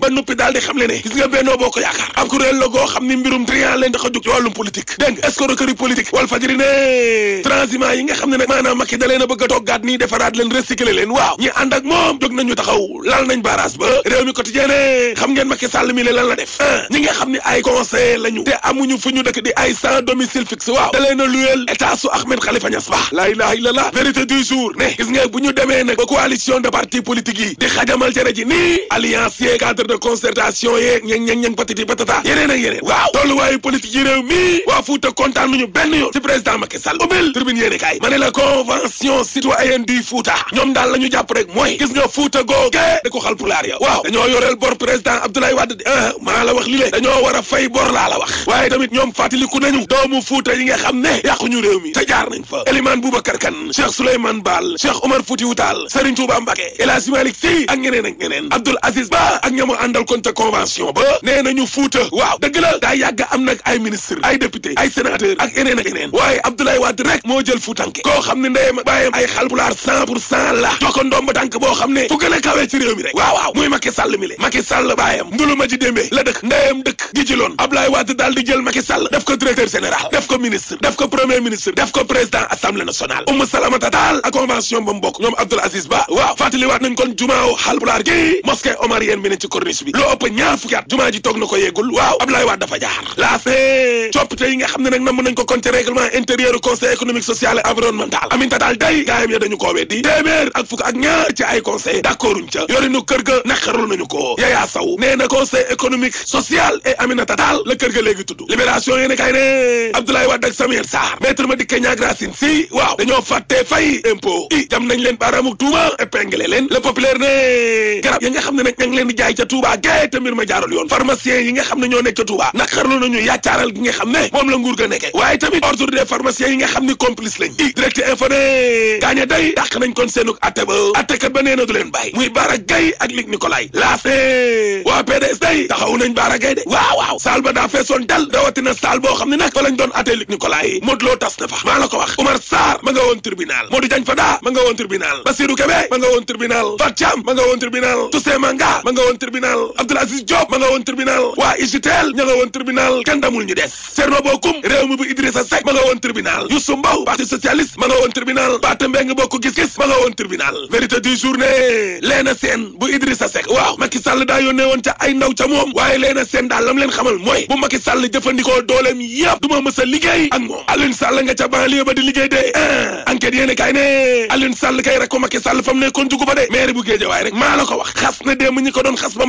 ba noppi daal di xam le ne gis nga bennoo boo ko yaakaar ab kuréel la goo xam ni mbirum trian leen tax a ci wàllum politique dégg nga escroquerie politique wal fajiri ne transhumant yi nga xam ne nag maanaam Macky da leen a bëgg a toggaat nii defaraat leen recycler leen waaw ñi ànd moom jóg nañu taxaw lal nañ barrage ba réew mi quotidien xam ngeen Macky Sall mi le lan la def ah ñi nga xam ne ay conseil lañu te amuñu fu ñu dëkk di ay sans domicile fixe waaw a luyeel état su de concertation yeeg ñang ñang ñang patati patata yeneen ak yeneen waaw tolluwaayu politique yi réew mi waa Fuuta kontaan nañu benn yoon ci président Macky Sall ubbil tribune yéene kaay ma ne la convention ah, a ak ñeneen ak ñeneen Abdoul Aziz Ba ak ñoom mu àndal kon ca convention ba nee nañu Fuuta waaw dëgg la daa yàgg am nag ay ministre ay député ay sénateur ak yeneen ak yeneen waaye Abdoulaye Wade rek moo jël Fuutanke koo xam ne ndeyam bàyyam ay xalpulaar cent pour cent la jox ko ndomb boo xam ne fu gën a kawee ci réew mi rek waaw waaw muy Macky Sall mi le Macky Sall bàyyam ndulu ma démbee la dëkk ndeyam dëkk gi ci loon Abdoulaye Wade daal di jël Macky Sall def ko directeur général def ko ministre corniche bi lu ëpp ñaar fukki at jumaa ji toog na ko yeegul waaw Abdoulaye Wade dafa jaar laa fee coppite yi nga xam ne nag nag leen jaay ca Touba gaye te mbir ma jaarul yoon pharmacien yi nga xam ne ñoo nekk ca Touba naqarlu nañu yaccaaral gi nga xam ne moom la nguur ga nekkee waaye tamit ordre des pharmaciens yi nga xam ne complice lañ i direct info ne gaañe day dàq nañ kon seenuk atte ba attekat ba nee du leen bàyyi muy Bara Gaye ak Luc Nicolaï laas ne waa PDS day taxaw nañ Bara Gaye de waaw waaw saal ba daa feesoon dal rawatina saal boo xam ne nag fa lañ doon atte Luc Nicolaï tribunal Abdoul Aziz Diop ma nga woon tribunal waa Igitel ña woon tribunal kenn damul ñu des Thierno Bocoum réew mi bu Idrissa Seck ma nga woon tribunal Youssou Mbow parti socialiste ma woon tribunal Pathé Mbeng bokk gis-gis ma woon tribunal vérité du journée Léna Sène bu Idrissa Seck waaw Macky Sall daa yónnee woon ca ay ndaw ca moom waaye Léna Sène daal lam leen xamal mooy bu Macky Sall jëfandikoo dooleem yëpp du ma mës a liggéey ak moom Alioune Sall nga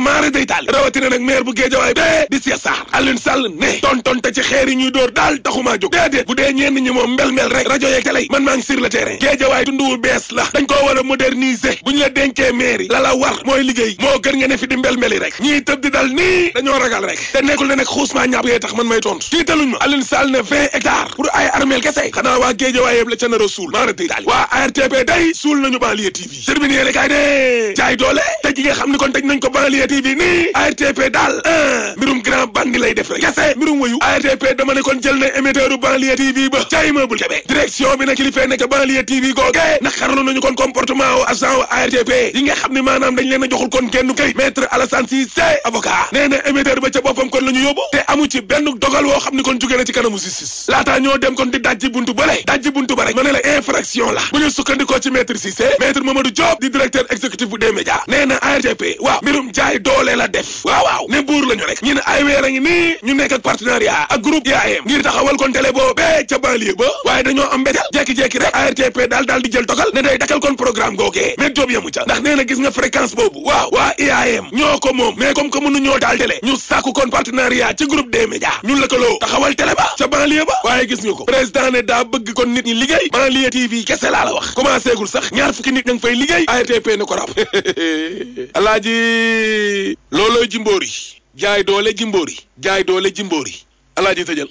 maara day taal rawatina nag maire bu Géejawaay bee di Cheikh Sarr Alioune Sall ne tontonte ci xeer yi ñuy dóor daal taxumaa jóg déedéet bu dee ñenn ñi moom mbel-mbel rek rajo yeeg télé yi man maa ngi sur le terrain Géejawaay tund wu bees la dañ koo war a moderniser bu ñu la dencee maire yi la la war mooy liggéey moo gën nga ne fi di mbel-mbel rek ñii tëb di dal nii dañoo ragal rek te nekkul ne nag xuusmaa ñàpp yee tax man may tontu tiitaluñ ma Alioune Sall ne a législative yi nii ARTP daal a eh, mbirum grand bandi lay def rek kese mbirum wayu ARTP dama ne kon jël na émetteuru banlieue TV ba ca immeuble Kébé direction bi nag li nekk banlieue TV googe naqarlu nañu kon comportement wu agent wu ARTP yi nga xam ne maanaam dañ leen a joxul kon kenn kay maître Alassane Cissé avocat nee na émetteur ba ca boppam kon la yóbbu te amu ci benn dogal woo xam ne kon jóge na ci kanamu justice laataa ñoo dem kon di dajji buntu ba le doole la def waaw waaw ne buur la rek ñu ay weer a ngi nii ñu nekk ak partenariat ak groupe IAM ngir taxawal kon télé boo bee ca banlieue ba waaye dañoo am mbéjal jekki-jekki rek ARTP daal daal di ne day dakal kon programme googee mais job yamu ca ndax nee na gis nga fréquence boobu waaw waa IAM ñoo ko moom mais comme que mënu ñoo daal télé ñu sàkku kon partenariat ci groupe des médias ñu lëkkaloo taxawal télé ba ca banlieue ba waaye gis nga ko nit ñi liggéey banlieue TV kese laa la wax commencé gul sax loo jimbóor yi jaay doole jimbóor yi jaay doole jimbóor yi alaaji tëjal